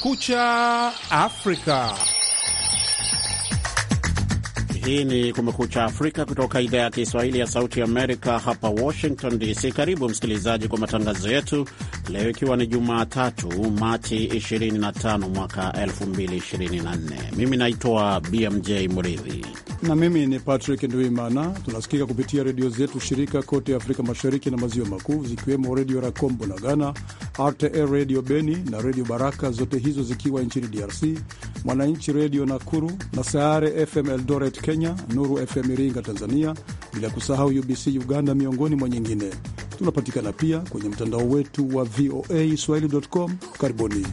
Kumekucha Afrika. Hii ni Kumekucha Afrika kutoka idhaa ya Kiswahili ya Sauti Amerika, hapa Washington DC. Karibu msikilizaji kwa matangazo yetu leo ikiwa ni Jumatatu, Machi 25 mwaka 2024. Mimi naitwa BMJ Mridhi na mimi ni Patrick Nduimana. Tunasikika kupitia redio zetu shirika kote Afrika Mashariki na Maziwa Makuu, zikiwemo Redio racombo na Ghana, RTL Redio Beni na Redio Baraka, zote hizo zikiwa nchini DRC, Mwananchi Redio Nakuru na Sayare FM Eldoret Kenya, Nuru FM Iringa Tanzania, bila kusahau UBC Uganda, miongoni mwa nyingine. Tunapatikana pia kwenye mtandao wetu wa VOA swahili.com. Karibuni.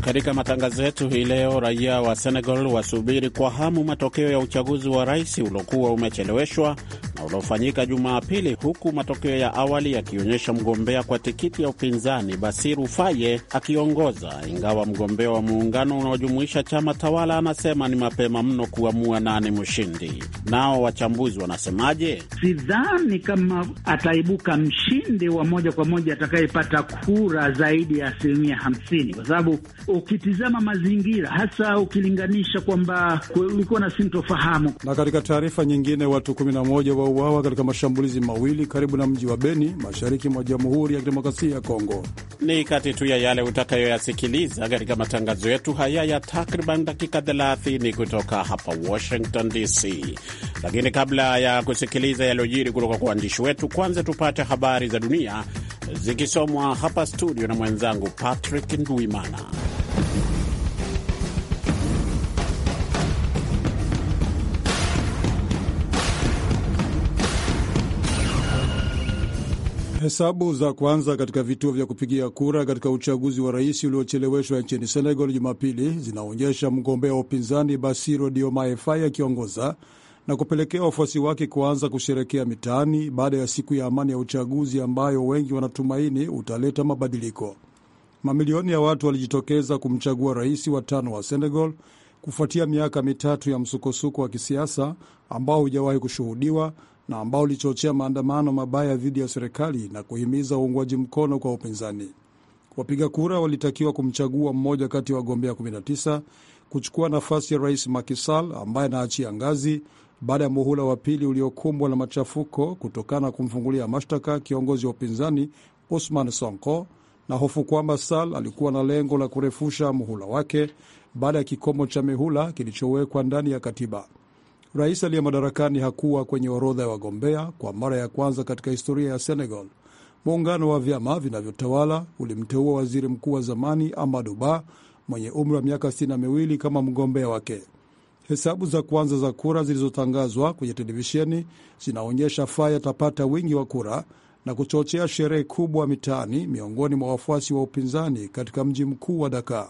Katika matangazo yetu hii leo, raia wa Senegal wasubiri kwa hamu matokeo ya uchaguzi wa rais uliokuwa umecheleweshwa na uliofanyika Jumapili, huku matokeo ya awali yakionyesha mgombea kwa tikiti ya upinzani Basiru Faye akiongoza, ingawa mgombea wa muungano unaojumuisha chama tawala anasema ni mapema mno kuamua nani mshindi. Nao wachambuzi wanasemaje? Sidhani kama ataibuka mshindi wa moja kwa moja atakayepata kura zaidi ya asilimia hamsini, kwa sababu ukitizama mazingira, hasa ukilinganisha kwamba kulikuwa na sintofahamu. Na katika taarifa nyingine, watu kumi na moja wa wauawa katika mashambulizi mawili karibu na mji wa Beni, mashariki mwa Jamhuri ya Kidemokrasia ya Kongo. Ni kati tu ya yale utakayoyasikiliza katika matangazo yetu haya ya takriban dakika 30 kutoka hapa Washington DC. Lakini kabla ya kusikiliza yaliyojiri kutoka kwa waandishi wetu, kwanza tupate habari za dunia zikisomwa hapa studio na mwenzangu Patrick nduimana Hesabu za kwanza katika vituo vya kupigia kura katika uchaguzi wa rais uliocheleweshwa nchini Senegal Jumapili zinaonyesha mgombea wa upinzani Basiro Diomaye Faye akiongoza na kupelekea wafuasi wake kuanza kusherekea mitaani baada ya siku ya amani ya uchaguzi ambayo wengi wanatumaini utaleta mabadiliko. Mamilioni ya watu walijitokeza kumchagua rais wa tano wa Senegal kufuatia miaka mitatu ya msukosuko wa kisiasa ambao hujawahi kushuhudiwa na ambao ulichochea maandamano mabaya dhidi ya serikali na kuhimiza uungwaji mkono kwa upinzani. Wapiga kura walitakiwa kumchagua mmoja kati ya wagombea 19 kuchukua nafasi ya rais makisal ambaye anaachia ngazi baada ya muhula wa pili uliokumbwa na machafuko kutokana na kumfungulia mashtaka kiongozi wa upinzani Usman Sonko na hofu kwamba Sal alikuwa na lengo la kurefusha muhula wake baada ya kikomo cha mihula kilichowekwa ndani ya katiba. Rais aliye madarakani hakuwa kwenye orodha ya wagombea kwa mara ya kwanza katika historia ya Senegal. Muungano wa vyama vinavyotawala ulimteua waziri mkuu wa zamani Amadu Ba mwenye umri wa miaka sitini na miwili kama mgombea wake. Hesabu za kwanza za kura zilizotangazwa kwenye televisheni zinaonyesha Faye atapata wingi wa kura na kuchochea sherehe kubwa mitaani miongoni mwa wafuasi wa upinzani katika mji mkuu wa Dakar.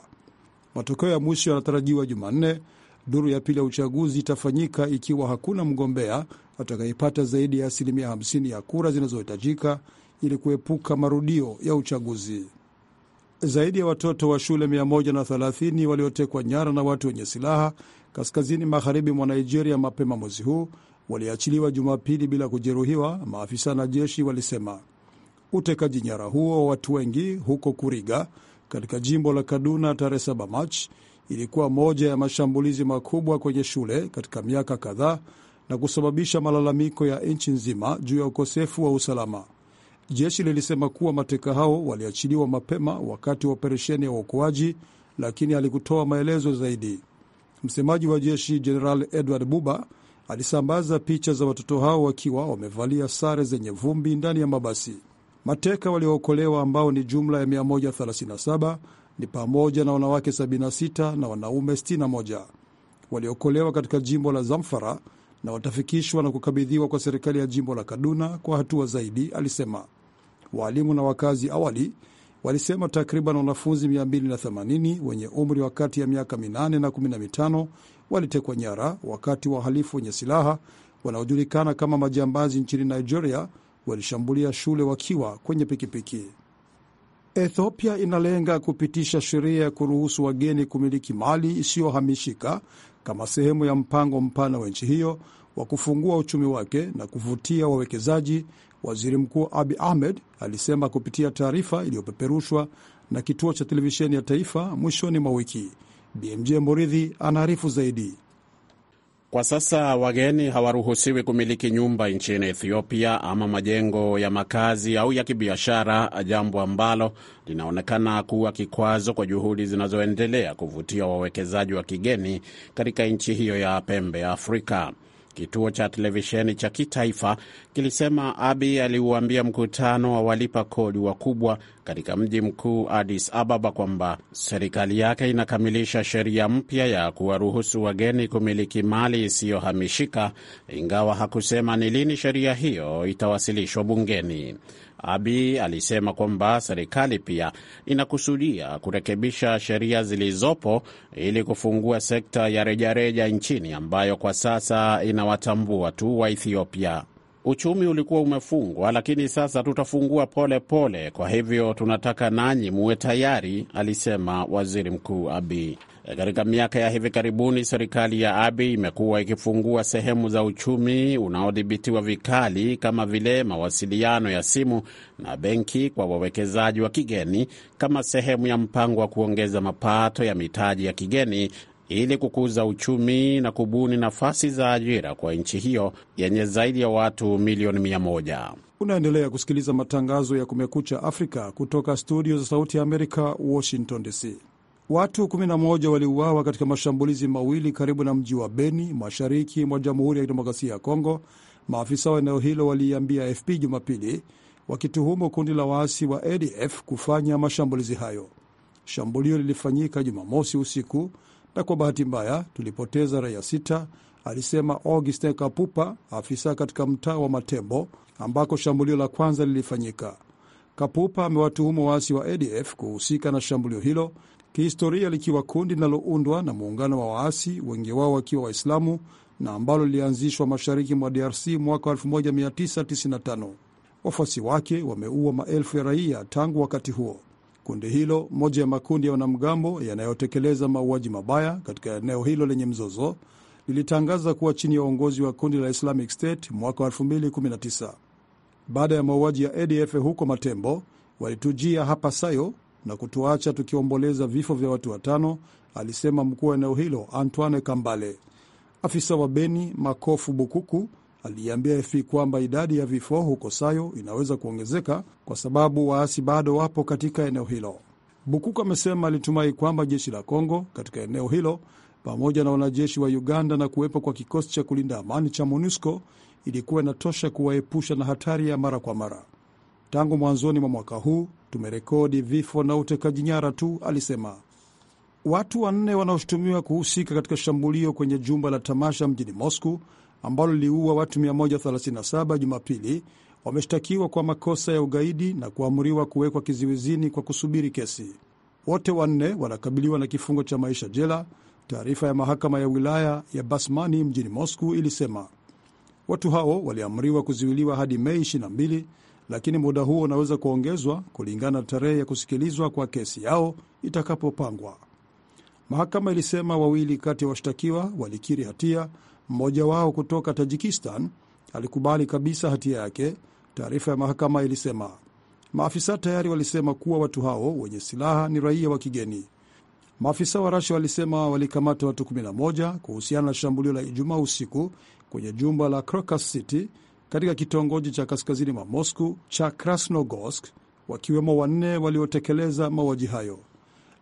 Matokeo ya mwisho yanatarajiwa Jumanne Duru ya pili ya uchaguzi itafanyika ikiwa hakuna mgombea atakayepata zaidi ya asilimia 50 ya kura zinazohitajika ili kuepuka marudio ya uchaguzi. Zaidi ya watoto wa shule 130 waliotekwa nyara na watu wenye silaha kaskazini magharibi mwa Nigeria mapema mwezi huu waliachiliwa Jumapili bila kujeruhiwa, maafisa na jeshi walisema. Utekaji nyara huo wa watu wengi huko Kuriga katika jimbo la Kaduna tarehe 7 Machi ilikuwa moja ya mashambulizi makubwa kwenye shule katika miaka kadhaa na kusababisha malalamiko ya nchi nzima juu ya ukosefu wa usalama. Jeshi lilisema kuwa mateka hao waliachiliwa mapema wakati wa operesheni ya uokoaji, lakini alikutoa maelezo zaidi. Msemaji wa jeshi Jeneral Edward Buba alisambaza picha za watoto hao wakiwa wamevalia sare zenye vumbi ndani ya mabasi. Mateka waliookolewa ambao ni jumla ya 137 ni pamoja na wanawake 76 na wanaume 61 waliokolewa katika jimbo la Zamfara na watafikishwa na kukabidhiwa kwa serikali ya jimbo la Kaduna kwa hatua zaidi, alisema. Waalimu na wakazi awali walisema takriban wanafunzi 280 wenye umri wa kati ya miaka 8 na 15 walitekwa nyara wakati wa wahalifu wenye silaha wanaojulikana kama majambazi nchini Nigeria walishambulia shule wakiwa kwenye pikipiki. Ethiopia inalenga kupitisha sheria ya kuruhusu wageni kumiliki mali isiyohamishika kama sehemu ya mpango mpana wa nchi hiyo wa kufungua uchumi wake na kuvutia wawekezaji, Waziri Mkuu Abi Ahmed alisema kupitia taarifa iliyopeperushwa na kituo cha televisheni ya taifa mwishoni mwa wiki. BMJ Moridhi anaarifu zaidi. Kwa sasa wageni hawaruhusiwi kumiliki nyumba nchini Ethiopia ama majengo ya makazi au ya kibiashara, jambo ambalo linaonekana kuwa kikwazo kwa juhudi zinazoendelea kuvutia wawekezaji wa kigeni katika nchi hiyo ya pembe ya Afrika. Kituo cha televisheni cha kitaifa kilisema Abi aliuambia mkutano wa walipa kodi wakubwa katika mji mkuu Addis Ababa kwamba serikali yake inakamilisha sheria mpya ya kuwaruhusu wageni kumiliki mali isiyohamishika, ingawa hakusema ni lini sheria hiyo itawasilishwa bungeni. Abi alisema kwamba serikali pia inakusudia kurekebisha sheria zilizopo ili kufungua sekta ya rejareja nchini ambayo kwa sasa inawatambua tu wa Ethiopia. Uchumi ulikuwa umefungwa, lakini sasa tutafungua pole pole, kwa hivyo tunataka nanyi muwe tayari, alisema Waziri Mkuu Abi. Katika miaka ya hivi karibuni, serikali ya Abi imekuwa ikifungua sehemu za uchumi unaodhibitiwa vikali kama vile mawasiliano ya simu na benki kwa wawekezaji wa kigeni kama sehemu ya mpango wa kuongeza mapato ya mitaji ya kigeni ili kukuza uchumi na kubuni nafasi za ajira kwa nchi hiyo yenye zaidi ya watu milioni mia moja. Unaendelea kusikiliza matangazo ya Kumekucha Afrika kutoka studio za Sauti ya Amerika, Washington DC. Watu 11 waliuawa katika mashambulizi mawili karibu na mji wa Beni, mashariki mwa Jamhuri ya Kidemokrasia ya Kongo, maafisa wa eneo hilo waliiambia fp Jumapili, wakituhumu kundi la waasi wa ADF kufanya mashambulizi hayo. Shambulio lilifanyika Jumamosi usiku na kwa bahati mbaya tulipoteza raia sita, alisema Augustin Kapupa, afisa katika mtaa wa Matembo ambako shambulio la kwanza lilifanyika. Kapupa amewatuhumu waasi wa ADF kuhusika na shambulio hilo kihistoria likiwa kundi linaloundwa na muungano wa waasi, wengi wao wakiwa Waislamu, na ambalo lilianzishwa mashariki mwa DRC mwaka 1995. Wafuasi wake wameua maelfu ya raia tangu wakati huo. Kundi hilo, moja ya makundi ya wanamgambo yanayotekeleza mauaji mabaya katika eneo hilo lenye mzozo, lilitangaza kuwa chini ya uongozi wa kundi la Islamic State mwaka 2019. Baada ya mauaji ya ADF huko Matembo, walitujia hapa Sayo na kutuacha tukiomboleza vifo vya watu watano, alisema mkuu wa eneo hilo Antoine Kambale. Afisa wa Beni Makofu Bukuku aliiambia AFP kwamba idadi ya vifo huko Sayo inaweza kuongezeka kwa sababu waasi bado wapo katika eneo hilo. Bukuku amesema alitumai kwamba jeshi la Kongo katika eneo hilo pamoja na wanajeshi wa Uganda na kuwepo kwa kikosi cha kulinda amani cha MONUSCO ilikuwa inatosha kuwaepusha na hatari ya mara kwa mara. Tangu mwanzoni mwa mwaka huu tumerekodi vifo na utekaji nyara tu, alisema. Watu wanne wanaoshutumiwa kuhusika katika shambulio kwenye jumba la tamasha mjini Moscow ambalo liliua watu 137 Jumapili wameshtakiwa kwa makosa ya ugaidi na kuamriwa kuwekwa kizuizini kwa kusubiri kesi. Wote wanne wanakabiliwa na kifungo cha maisha jela, taarifa ya mahakama ya wilaya ya Basmani mjini Moscow ilisema. Watu hao waliamriwa kuzuiliwa hadi Mei lakini muda huo unaweza kuongezwa kulingana na tarehe ya kusikilizwa kwa kesi yao itakapopangwa. Mahakama ilisema wawili kati ya washtakiwa walikiri hatia. Mmoja wao kutoka Tajikistan alikubali kabisa hatia yake, taarifa ya mahakama ilisema. Maafisa tayari walisema kuwa watu hao wenye silaha ni raia wa kigeni. Maafisa wa Rasha walisema walikamata watu 11 kuhusiana na shambulio la Ijumaa usiku kwenye jumba la Crocus City katika kitongoji cha kaskazini mwa Mosku cha Krasnogorsk, wakiwemo wanne waliotekeleza mauaji hayo.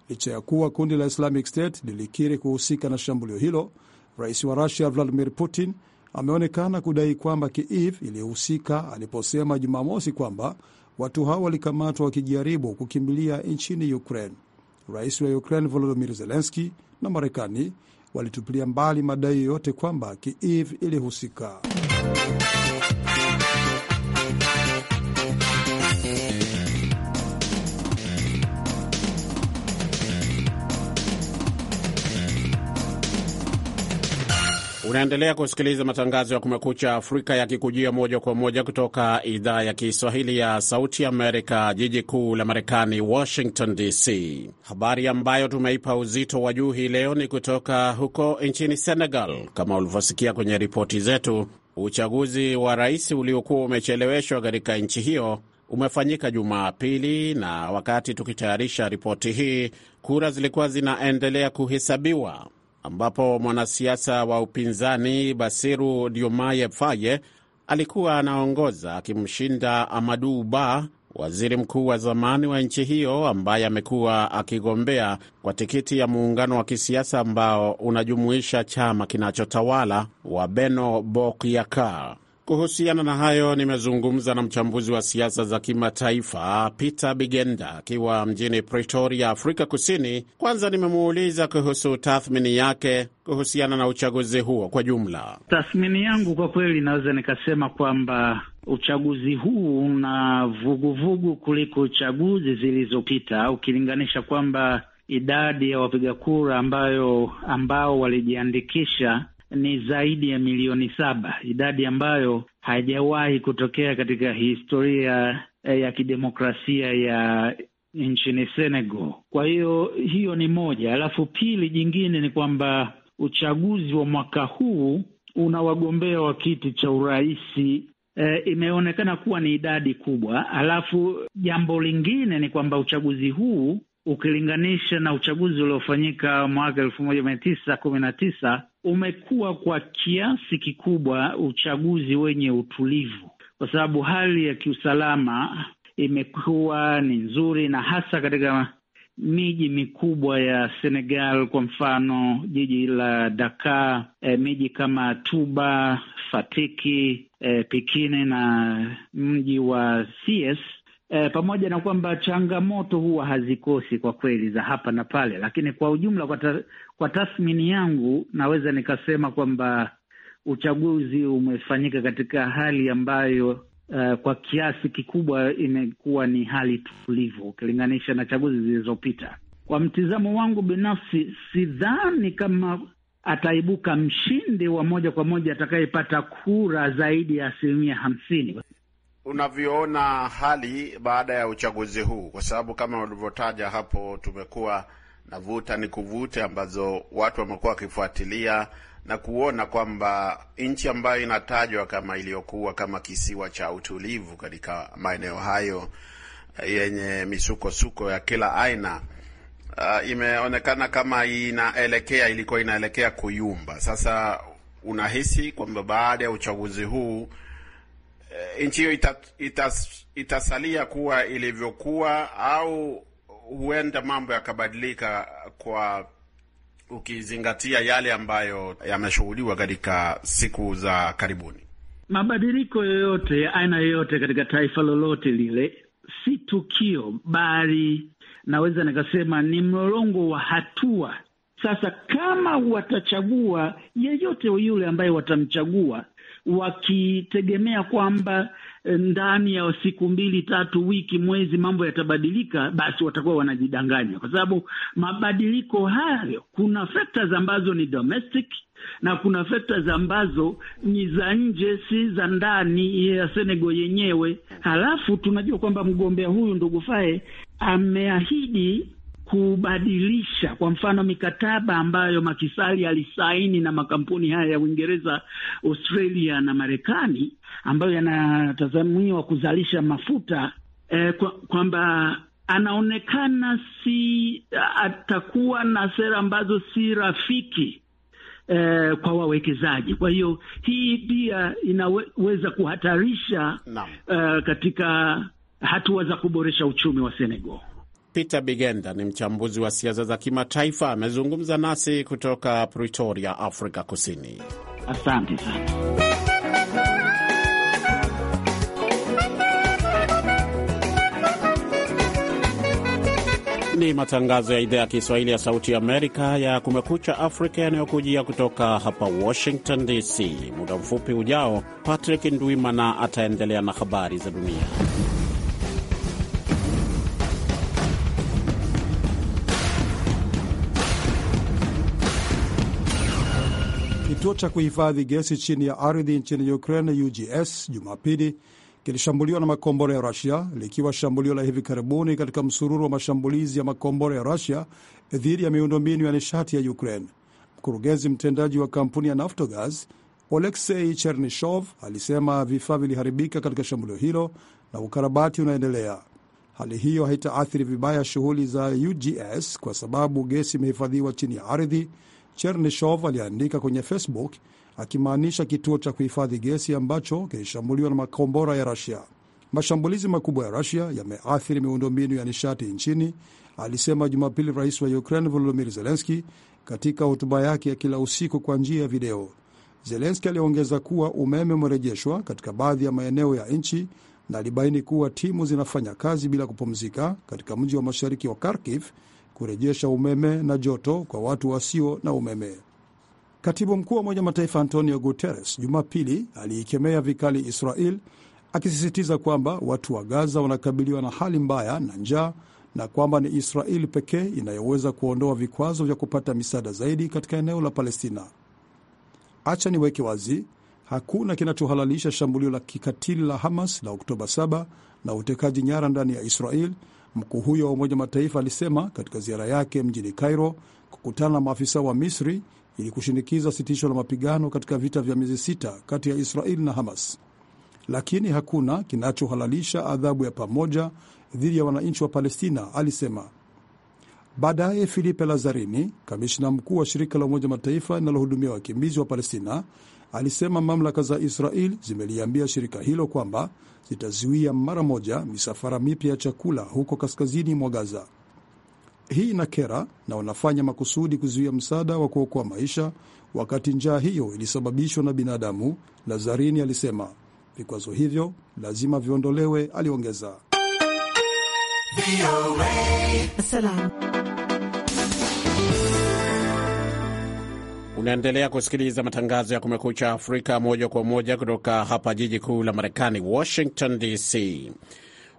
Licha ya kuwa kundi la Islamic State lilikiri kuhusika na shambulio hilo, rais wa Rusia Vladimir Putin ameonekana kudai kwamba Kiev ilihusika aliposema Jumamosi kwamba watu hao walikamatwa wakijaribu kukimbilia nchini Ukraine. Rais wa Ukraine Volodymyr zelenski na Marekani walitupilia mbali madai yoyote kwamba Kiev ilihusika. Unaendelea kusikiliza matangazo ya Kumekucha Afrika yakikujia moja kwa moja kutoka idhaa ya Kiswahili ya Sauti Amerika, jiji kuu la Marekani, Washington DC. Habari ambayo tumeipa uzito wa juu hii leo ni kutoka huko nchini Senegal. Kama ulivyosikia kwenye ripoti zetu, uchaguzi wa rais uliokuwa umecheleweshwa katika nchi hiyo umefanyika Jumapili, na wakati tukitayarisha ripoti hii, kura zilikuwa zinaendelea kuhesabiwa ambapo mwanasiasa wa upinzani Basiru Diomaye Faye alikuwa anaongoza akimshinda Amadu Ba, waziri mkuu wa zamani wa nchi hiyo ambaye amekuwa akigombea kwa tikiti ya muungano wa kisiasa ambao unajumuisha chama kinachotawala wa Beno Bokuyakar. Kuhusiana na hayo nimezungumza na mchambuzi wa siasa za kimataifa Peter Bigenda akiwa mjini Pretoria, Afrika Kusini. Kwanza nimemuuliza kuhusu tathmini yake kuhusiana na uchaguzi huo kwa jumla. Tathmini yangu kwa kweli, naweza nikasema kwamba uchaguzi huu una vuguvugu kuliko chaguzi zilizopita, ukilinganisha kwamba idadi ya wapiga kura ambayo ambao walijiandikisha ni zaidi ya milioni saba, idadi ambayo haijawahi kutokea katika historia eh, ya kidemokrasia ya nchini Senegal. Kwa hiyo hiyo ni moja, alafu pili, jingine ni kwamba uchaguzi wa mwaka huu una wagombea wa kiti cha uraisi E, eh, imeonekana kuwa ni idadi kubwa. Alafu jambo lingine ni kwamba uchaguzi huu ukilinganisha na uchaguzi uliofanyika mwaka elfu moja mia tisa kumi na tisa umekuwa kwa kiasi kikubwa uchaguzi wenye utulivu, kwa sababu hali ya kiusalama imekuwa ni nzuri, na hasa katika miji mikubwa ya Senegal, kwa mfano jiji la Dakar, e, miji kama Tuba, Fatiki, e, Pikine na mji wa Thiès e, pamoja na kwamba changamoto huwa hazikosi kwa kweli za hapa na pale, lakini kwa ujumla, kwa, ta, kwa tathmini yangu naweza nikasema kwamba uchaguzi umefanyika katika hali ambayo Uh, kwa kiasi kikubwa imekuwa ni hali tulivu ukilinganisha na chaguzi zilizopita. Kwa mtizamo wangu binafsi, sidhani kama ataibuka mshindi wa moja kwa moja atakayepata kura zaidi ya asilimia hamsini, unavyoona hali baada ya uchaguzi huu, kwa sababu kama ulivyotaja hapo, tumekuwa na vuta ni kuvute ambazo watu wamekuwa wakifuatilia na kuona kwamba nchi ambayo inatajwa kama iliyokuwa kama kisiwa cha utulivu katika maeneo hayo eh, yenye misukosuko ya kila aina uh, imeonekana kama inaelekea ilikuwa inaelekea kuyumba. Sasa unahisi kwamba baada ya uchaguzi huu Eh, nchi hiyo itasalia itas, itasalia kuwa ilivyokuwa au huenda mambo yakabadilika kwa ukizingatia yale ambayo yameshuhudiwa katika siku za karibuni. Mabadiliko yoyote ya aina yoyote katika taifa lolote lile si tukio, bali naweza nikasema ni mlolongo wa hatua. Sasa kama watachagua yeyote yule ambaye watamchagua wakitegemea kwamba eh, ndani ya siku mbili tatu, wiki, mwezi mambo yatabadilika, basi watakuwa wanajidanganya, kwa sababu mabadiliko hayo, kuna factors ambazo ni domestic na kuna factors ambazo ni za nje, si za ndani ya Senegal yenyewe. Halafu tunajua kwamba mgombea huyu ndugu Faye ameahidi kubadilisha kwa mfano mikataba ambayo Makisali alisaini na makampuni haya ya Uingereza, Australia na Marekani ambayo yanatazamiwa kuzalisha mafuta eh, kwamba kwa anaonekana si atakuwa na sera ambazo si rafiki eh, kwa wawekezaji. Kwa hiyo hii pia inaweza kuhatarisha eh, katika hatua za kuboresha uchumi wa Senegal. Peter Bigenda ni mchambuzi wa siasa za kimataifa, amezungumza nasi kutoka Pretoria, Afrika Kusini. Asante sana. Ni matangazo ya idhaa ya Kiswahili ya Sauti ya Amerika ya Kumekucha Afrika yanayokujia kutoka hapa Washington DC. Muda mfupi ujao, Patrick Ndwimana ataendelea na habari za dunia. Kituo cha kuhifadhi gesi chini ya ardhi nchini Ukraine, UGS, Jumapili kilishambuliwa na makombora ya Rusia, likiwa shambulio la hivi karibuni katika msururu wa mashambulizi ya makombora ya Rusia dhidi ya miundombinu ya nishati ya Ukraine. Mkurugenzi mtendaji wa kampuni ya Naftogaz Oleksei Chernishov alisema vifaa viliharibika katika shambulio hilo na ukarabati unaendelea. Hali hiyo haitaathiri vibaya shughuli za UGS kwa sababu gesi imehifadhiwa chini ya ardhi, Chernishov aliandika kwenye Facebook akimaanisha kituo cha kuhifadhi gesi ambacho kilishambuliwa na makombora ya Rasia. Mashambulizi makubwa ya Rasia yameathiri miundombinu ya nishati nchini, alisema Jumapili rais wa Ukraine Volodimir Zelenski katika hotuba yake ya kila usiku kwa njia ya video. Zelenski aliongeza kuwa umeme umerejeshwa katika baadhi ya maeneo ya nchi na alibaini kuwa timu zinafanya kazi bila kupumzika katika mji wa mashariki wa Kharkiv kurejesha umeme na joto kwa watu wasio na umeme. Katibu mkuu wa Umoja Mataifa Antonio Guterres Jumapili aliikemea vikali Israel akisisitiza kwamba watu wa Gaza wanakabiliwa na hali mbaya na njaa na kwamba ni Israeli pekee inayoweza kuondoa vikwazo vya kupata misaada zaidi katika eneo la Palestina. Acha niweke wazi, hakuna kinachohalalisha shambulio la kikatili la Hamas la Oktoba 7 na utekaji nyara ndani ya Israel Mkuu huyo wa Umoja Mataifa alisema katika ziara yake mjini Cairo kukutana na maafisa wa Misri ili kushinikiza sitisho la mapigano katika vita vya miezi sita kati ya Israeli na Hamas, lakini hakuna kinachohalalisha adhabu ya pamoja dhidi ya wananchi wa Palestina, alisema. Baadaye Filipe Lazarini, kamishna mkuu wa shirika la Umoja Mataifa linalohudumia wakimbizi wa Palestina, alisema mamlaka za Israel zimeliambia shirika hilo kwamba zitazuia mara moja misafara mipya ya chakula huko kaskazini mwa Gaza. Hii ina kera na wanafanya makusudi kuzuia msaada wa kuokoa maisha wakati njaa hiyo ilisababishwa na binadamu, Lazarini alisema. Vikwazo hivyo lazima viondolewe, aliongeza. Unaendelea kusikiliza matangazo ya Kumekucha Afrika moja kwa moja kutoka hapa jiji kuu la Marekani, Washington DC.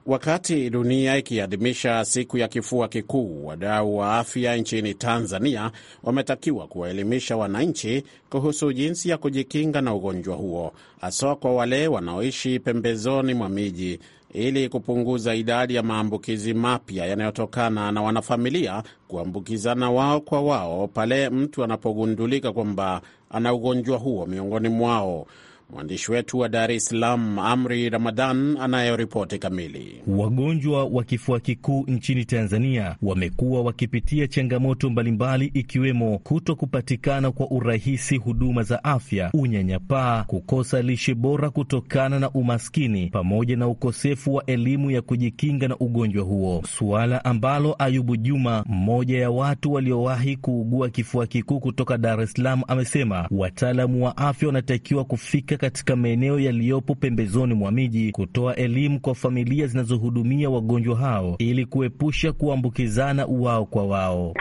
Wakati dunia ikiadhimisha siku ya kifua kikuu, wadau wa afya nchini Tanzania wametakiwa kuwaelimisha wananchi kuhusu jinsi ya kujikinga na ugonjwa huo, haswa kwa wale wanaoishi pembezoni mwa miji ili kupunguza idadi ya maambukizi mapya yanayotokana na wanafamilia kuambukizana wao kwa wao pale mtu anapogundulika kwamba ana ugonjwa huo miongoni mwao. Mwandishi wetu wa Dar es Salaam, Amri Ramadhan, anayoripoti kamili. Wagonjwa wa kifua kikuu nchini Tanzania wamekuwa wakipitia changamoto mbalimbali, ikiwemo kuto kupatikana kwa urahisi huduma za afya, unyanyapaa, kukosa lishe bora kutokana na umaskini, pamoja na ukosefu wa elimu ya kujikinga na ugonjwa huo, suala ambalo Ayubu Juma, mmoja ya watu waliowahi kuugua kifua kikuu kutoka Dar es Salaam, amesema wataalamu wa afya wanatakiwa kufika kufika katika maeneo yaliyopo pembezoni mwa miji kutoa elimu kwa familia zinazohudumia wagonjwa hao ili kuepusha kuambukizana wao kwa wao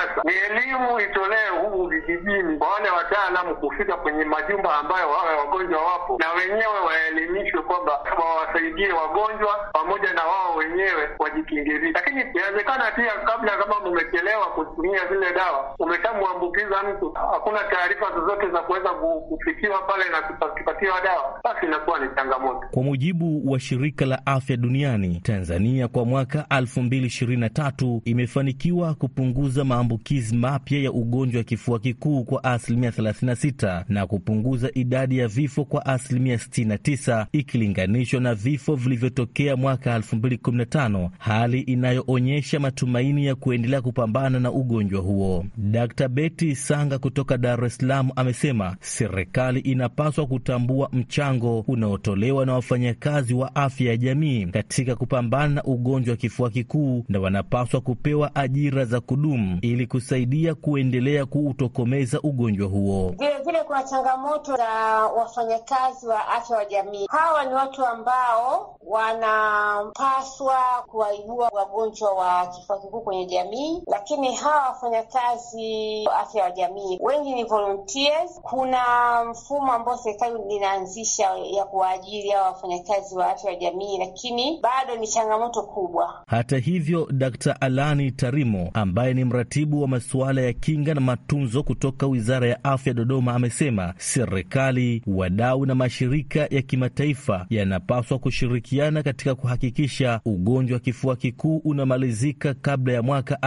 sasa ni elimu itolewe huku vijijini kwa wale wataalamu kufika kwenye majumba ambayo wawe wagonjwa wapo, na wenyewe waelimishwe kwamba wawasaidie wagonjwa pamoja na wao wenyewe wajikingirie. Lakini inawezekana pia, kabla kama mumechelewa kutumia zile dawa, umeshamwambukiza mtu, hakuna taarifa zozote za kuweza kufikiwa pale na kupatiwa dawa, basi inakuwa ni changamoto. Kwa mujibu wa shirika la afya duniani, Tanzania kwa mwaka 2023 imefanikiwa kupunguza maambukizi maambukizi mapya ya ugonjwa wa kifua kikuu kwa asilimia 36 na kupunguza idadi ya vifo kwa asilimia 69 ikilinganishwa na vifo vilivyotokea mwaka 2015, hali inayoonyesha matumaini ya kuendelea kupambana na ugonjwa huo. Dr. Betty Sanga kutoka Dar es Salaam amesema serikali inapaswa kutambua mchango unaotolewa na wafanyakazi wa afya ya jamii katika kupambana na ugonjwa wa kifua kikuu na wanapaswa kupewa ajira za kudumu ili ili kusaidia kuendelea kuutokomeza ugonjwa huo. Vilevile kuna changamoto za wafanyakazi wa afya wa jamii. Hawa ni watu ambao wanapaswa kuwaibua wagonjwa wa kifua kikuu kwenye jamii, lakini hawa wafanyakazi wa afya wa jamii wengi ni volunteers. Kuna mfumo ambao serikali inaanzisha ya kuwaajiri hawa wafanyakazi wa afya wa jamii, lakini bado ni changamoto kubwa. Hata hivyo, d Alani Tarimo ambaye ni mratibu Katibu wa masuala ya kinga na matunzo kutoka Wizara ya Afya Dodoma amesema serikali, wadau na mashirika ya kimataifa yanapaswa kushirikiana katika kuhakikisha ugonjwa wa kifua kikuu unamalizika kabla ya mwaka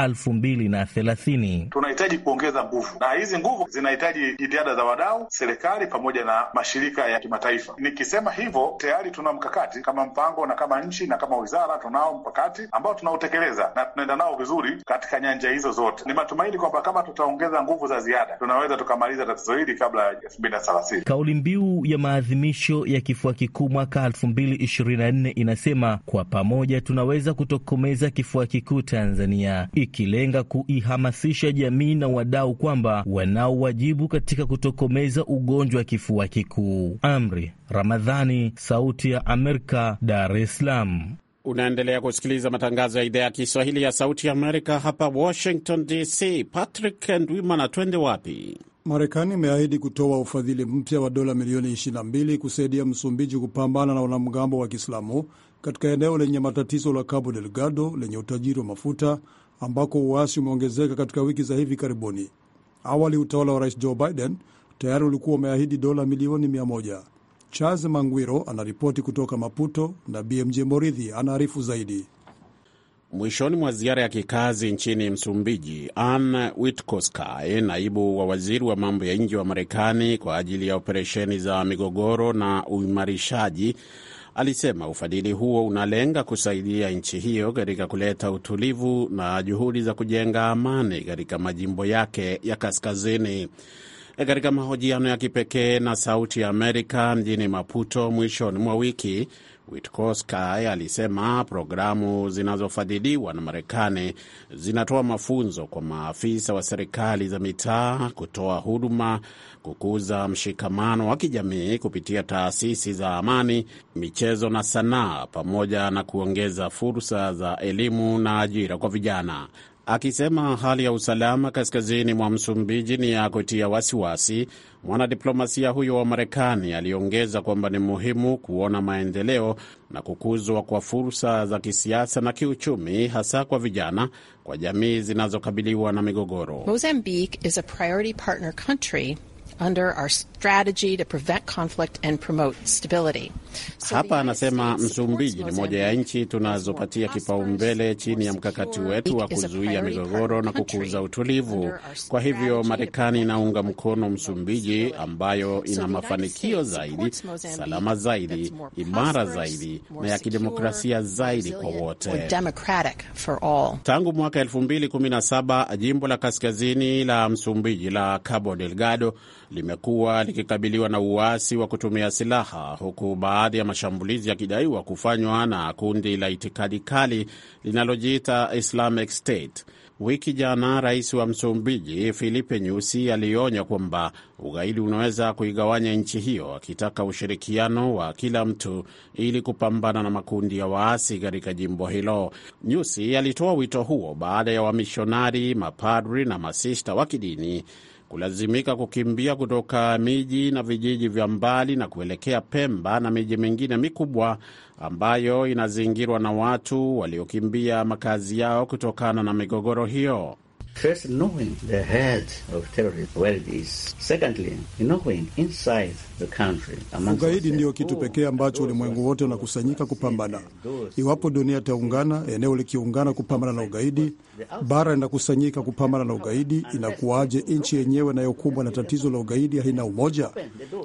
na thelathini. Tunahitaji kuongeza nguvu na hizi nguvu zinahitaji jitihada za wadau, serikali pamoja na mashirika ya kimataifa. Nikisema hivyo, tayari tuna mkakati kama mpango na kama nchi na kama wizara tunao mkakati ambao tunautekeleza na tunaenda nao vizuri katika nyanja hizo zote ni matumaini kwamba kama tutaongeza nguvu za ziada tunaweza tukamaliza tatizo hili kabla ya elfu mbili na thelathini. Kauli mbiu ya maadhimisho ya kifua kikuu mwaka elfu mbili ishirini na nne inasema kwa pamoja tunaweza kutokomeza kifua kikuu Tanzania, ikilenga kuihamasisha jamii na wadau kwamba wanao wajibu katika kutokomeza ugonjwa wa kifua kikuu. Amri Ramadhani, Sauti ya Amerika, Dar es Salaam. Unaendelea kusikiliza matangazo ya idhaa ya Kiswahili ya Sauti ya Amerika hapa Washington DC. Patrick Ndwimana, twende wapi? Marekani imeahidi kutoa ufadhili mpya wa dola milioni 22 kusaidia Msumbiji kupambana na wanamgambo wa Kiislamu katika eneo lenye matatizo la Cabo Delgado lenye utajiri wa mafuta ambako uasi umeongezeka katika wiki za hivi karibuni. Awali utawala wa rais Joe Biden tayari ulikuwa umeahidi dola milioni 100. Charles Mangwiro anaripoti kutoka Maputo na BMJ Moridhi anaarifu zaidi. Mwishoni mwa ziara ya kikazi nchini Msumbiji, Ann Witkoskay, naibu wa waziri wa mambo ya nje wa Marekani kwa ajili ya operesheni za migogoro na uimarishaji, alisema ufadhili huo unalenga kusaidia nchi hiyo katika kuleta utulivu na juhudi za kujenga amani katika majimbo yake ya kaskazini katika mahojiano ya kipekee na Sauti ya Amerika mjini Maputo mwishoni mwa wiki. witkoskay alisema programu zinazofadhiliwa na Marekani zinatoa mafunzo kwa maafisa wa serikali za mitaa, kutoa huduma, kukuza mshikamano wa kijamii kupitia taasisi za amani, michezo na sanaa, pamoja na kuongeza fursa za elimu na ajira kwa vijana. Akisema hali ya usalama kaskazini mwa Msumbiji ni ya kutia wasiwasi, mwanadiplomasia huyo wa Marekani aliongeza kwamba ni muhimu kuona maendeleo na kukuzwa kwa fursa za kisiasa na kiuchumi, hasa kwa vijana, kwa jamii zinazokabiliwa na migogoro. Mozambique is a priority partner country under our strategy to prevent conflict and promote stability. So hapa anasema Msumbiji ni moja ya nchi tunazopatia kipaumbele chini ya mkakati wetu wa kuzuia migogoro na kukuza utulivu. Kwa hivyo Marekani inaunga mkono Msumbiji ambayo ina mafanikio zaidi, salama zaidi, imara zaidi na ya kidemokrasia zaidi kwa wote. Tangu mwaka 2017 jimbo la kaskazini la Msumbiji la Cabo Delgado limekuwa likikabiliwa na uasi wa kutumia silaha huku baadhi ya mashambulizi yakidaiwa kufanywa na kundi la itikadi kali linalojiita Islamic State. Wiki jana rais wa Msumbiji Filipe Nyusi alionya kwamba ugaidi unaweza kuigawanya nchi hiyo, akitaka ushirikiano wa kila mtu ili kupambana na makundi ya waasi katika jimbo hilo. Nyusi alitoa wito huo baada ya wamishonari, mapadri na masista wa kidini kulazimika kukimbia kutoka miji na vijiji vya mbali na kuelekea Pemba na miji mingine mikubwa ambayo inazingirwa na watu waliokimbia makazi yao kutokana na migogoro hiyo. First, knowing the head of terrorism, where it is. Secondly, knowing inside the country. Ugaidi ndiyo kitu pekee ambacho ulimwengu wote unakusanyika kupambana. Iwapo dunia itaungana, eneo likiungana kupambana na ugaidi, bara linakusanyika kupambana na ugaidi, inakuwaje nchi yenyewe inayokumbwa na tatizo la ugaidi haina umoja?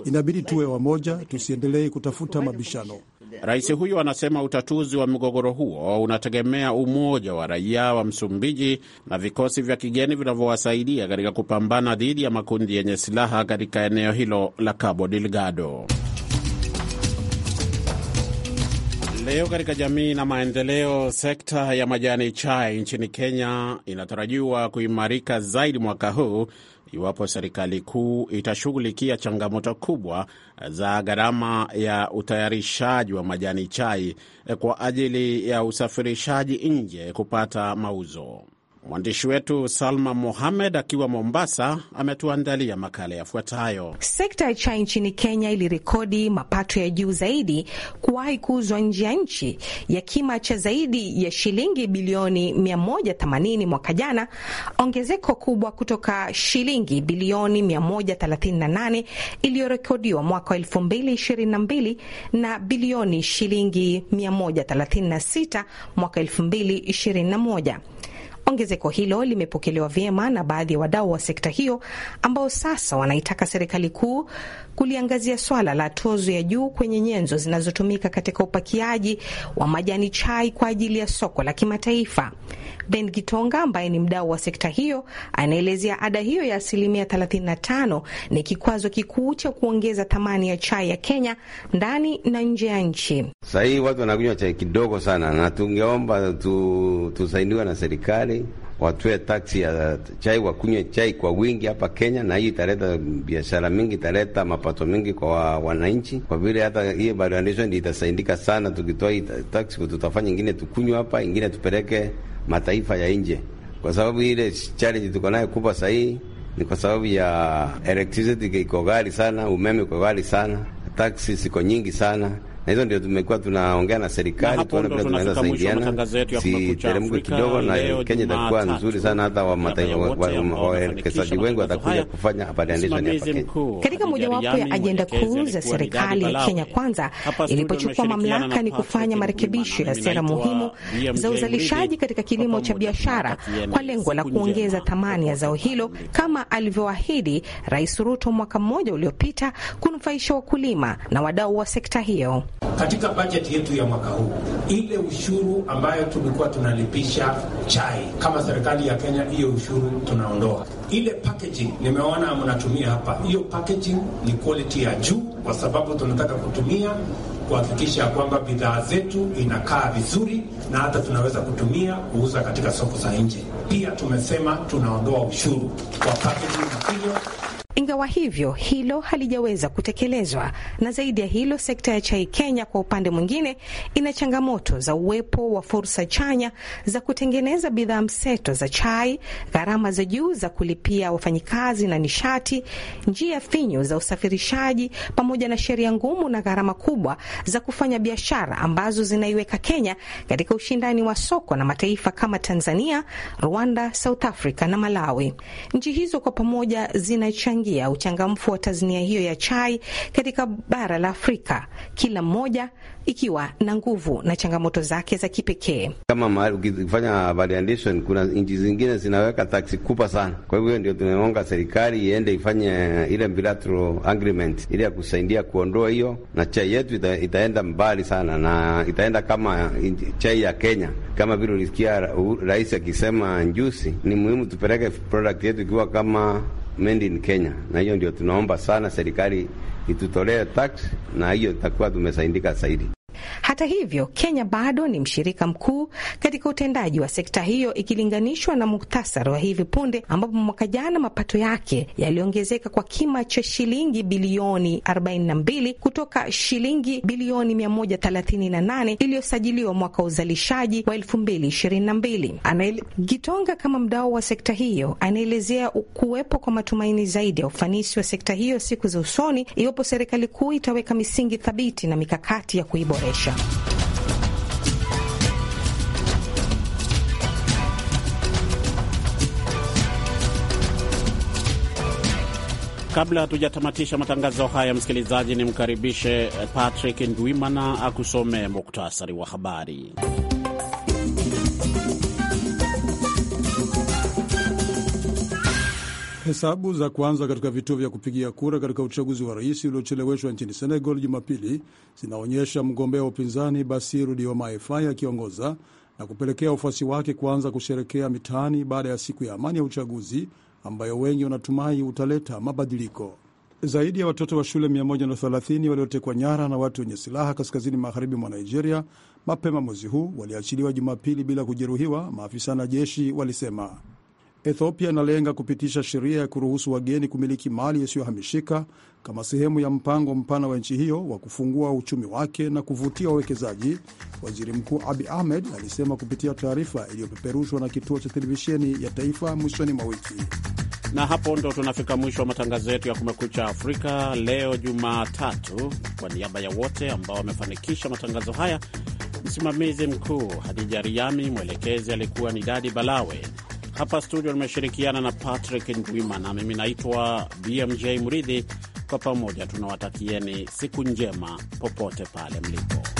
Inabidi tuwe wamoja, tusiendelee kutafuta mabishano. Rais huyo anasema utatuzi wa mgogoro huo unategemea umoja wa raia wa Msumbiji na vikosi vya kigeni vinavyowasaidia katika kupambana dhidi ya makundi yenye silaha katika eneo hilo la Cabo Delgado. Leo katika jamii na maendeleo, sekta ya majani chai nchini Kenya inatarajiwa kuimarika zaidi mwaka huu iwapo serikali kuu itashughulikia changamoto kubwa za gharama ya utayarishaji wa majani chai kwa ajili ya usafirishaji nje kupata mauzo. Mwandishi wetu Salma Mohamed akiwa Mombasa ametuandalia makala yafuatayo. Sekta ya chai nchini Kenya ilirekodi mapato ya juu zaidi kuwahi kuuzwa nje ya nchi ya kima cha zaidi ya shilingi bilioni 180 mwaka jana, ongezeko kubwa kutoka shilingi bilioni 138 iliyorekodiwa mwaka wa 2022 na bilioni shilingi 136 mwaka 2021. Ongezeko hilo limepokelewa vyema na baadhi ya wadau wa sekta hiyo ambao sasa wanaitaka serikali kuu kuliangazia swala la tozo ya juu kwenye nyenzo zinazotumika katika upakiaji wa majani chai kwa ajili ya soko la kimataifa. Ben Gitonga ambaye ni mdau wa sekta hiyo anaelezea ada hiyo ya asilimia 35 ni kikwazo kikuu cha kuongeza thamani ya chai ya Kenya ndani na nje ya nchi. Sahii watu wanakunywa chai kidogo sana, na tungeomba tu, tusaidiwa na serikali watoe taksi ya chai, wakunywe chai kwa wingi hapa Kenya, na hii italeta biashara mingi, italeta mapato mingi kwa wananchi, kwa vile hata hii valuation itasaidika sana. Tukitoa hii taksi, tutafanya ingine tukunywe hapa, ingine tupeleke mataifa ya nje, kwa sababu ile challenge tuko nayo kubwa sahii ni kwa sababu ya electricity iko ghali sana, umeme iko ghali sana, taksi ziko nyingi sana na hizo ndio tumekuwa tunaongea na serikali tuone vile tunaweza saidiana, si teremko kidogo, na Kenya itakuwa nzuri sana, hata wa mataifa wawekezaji wengi watakuja kufanya hapa ni hapa Kenya. Katika mojawapo ya ajenda kuu za serikali ya Kenya Kwanza ilipochukua mamlaka ni kufanya marekebisho ya sera muhimu za uzalishaji katika kilimo cha biashara kwa lengo la kuongeza thamani ya zao hilo kama alivyoahidi Rais Ruto mwaka mmoja uliopita kunufaisha wakulima na wadau wa sekta hiyo. Katika bajeti yetu ya mwaka huu, ile ushuru ambayo tulikuwa tunalipisha chai kama serikali ya Kenya, hiyo ushuru tunaondoa. Ile packaging nimeona mnatumia hapa, hiyo packaging ni quality ya juu, kwa sababu tunataka kutumia kuhakikisha kwamba bidhaa zetu inakaa vizuri na hata tunaweza kutumia kuuza katika soko za nje. Pia tumesema tunaondoa ushuru kwa packaging material ingawa hivyo hilo halijaweza kutekelezwa, na zaidi ya hilo, sekta ya chai Kenya kwa upande mwingine ina changamoto za uwepo wa fursa chanya za kutengeneza bidhaa mseto za chai, gharama za juu za kulipia wafanyikazi na nishati, njia finyu za usafirishaji, pamoja na sheria ngumu na gharama kubwa za kufanya biashara ambazo zinaiweka Kenya katika ushindani wa soko na mataifa kama Tanzania, Rwanda, South Africa na Malawi. Nchi hizo kwa pamoja zinachangia kuchangia uchangamfu wa tasnia hiyo ya chai katika bara la Afrika, kila mmoja ikiwa na nguvu na changamoto zake za kipekee. Kama ukifanya variation, kuna nchi zingine zinaweka taksi kubwa sana. Kwa hivyo ndio tunaonga serikali iende ifanye eh, ile bilateral agreement ili ya kusaidia kuondoa hiyo, na chai yetu ita, itaenda mbali sana na itaenda kama chai ya Kenya. Kama vile ulisikia rais akisema njusi, ni muhimu tupeleke product yetu ikiwa kama made in Kenya, na hiyo ndio tunaomba sana serikali itutolee tax, na hiyo itakuwa tumesaidika zaidi. Hata hivyo, Kenya bado ni mshirika mkuu katika utendaji wa sekta hiyo ikilinganishwa na muktasari wa hivi punde, ambapo mwaka jana mapato yake yaliongezeka kwa kima cha shilingi bilioni 42 kutoka shilingi bilioni 138 iliyosajiliwa mwaka wa uzalishaji wa 2022. Anayejitonga kama mdao wa sekta hiyo anaelezea kuwepo kwa matumaini zaidi ya ufanisi wa sekta hiyo siku za usoni iwapo serikali kuu itaweka misingi thabiti na mikakati ya kuiboresha. Kabla hatujatamatisha matangazo haya, msikilizaji, nimkaribishe Patrick Ndwimana akusome muktasari wa habari. Hesabu za kwanza katika vituo vya kupigia kura katika uchaguzi wa rais uliocheleweshwa nchini Senegal Jumapili zinaonyesha mgombea wa upinzani Basiru Diomaye Faye akiongoza na kupelekea wafuasi wake kuanza kusherekea mitaani baada ya siku ya amani ya uchaguzi ambayo wengi wanatumai utaleta mabadiliko. Zaidi ya watoto wa shule 130 waliotekwa nyara na watu wenye silaha kaskazini magharibi mwa Nigeria mapema mwezi huu waliachiliwa Jumapili bila kujeruhiwa, maafisa na jeshi walisema. Ethiopia inalenga kupitisha sheria ya kuruhusu wageni kumiliki mali isiyohamishika kama sehemu ya mpango mpana wa nchi hiyo wa kufungua uchumi wake na kuvutia wawekezaji, waziri mkuu Abi Ahmed alisema kupitia taarifa iliyopeperushwa na kituo cha televisheni ya taifa mwishoni mwa wiki. Na hapo ndo tunafika mwisho wa matangazo yetu ya Kumekucha Afrika leo Jumatatu. Kwa niaba ya wote ambao wamefanikisha matangazo haya, msimamizi mkuu Hadija Riami, mwelekezi alikuwa ni Dadi Balawe. Hapa studio nimeshirikiana na Patrick Ndwima na mimi naitwa BMJ Mridhi. Kwa pamoja tunawatakieni siku njema popote pale mlipo.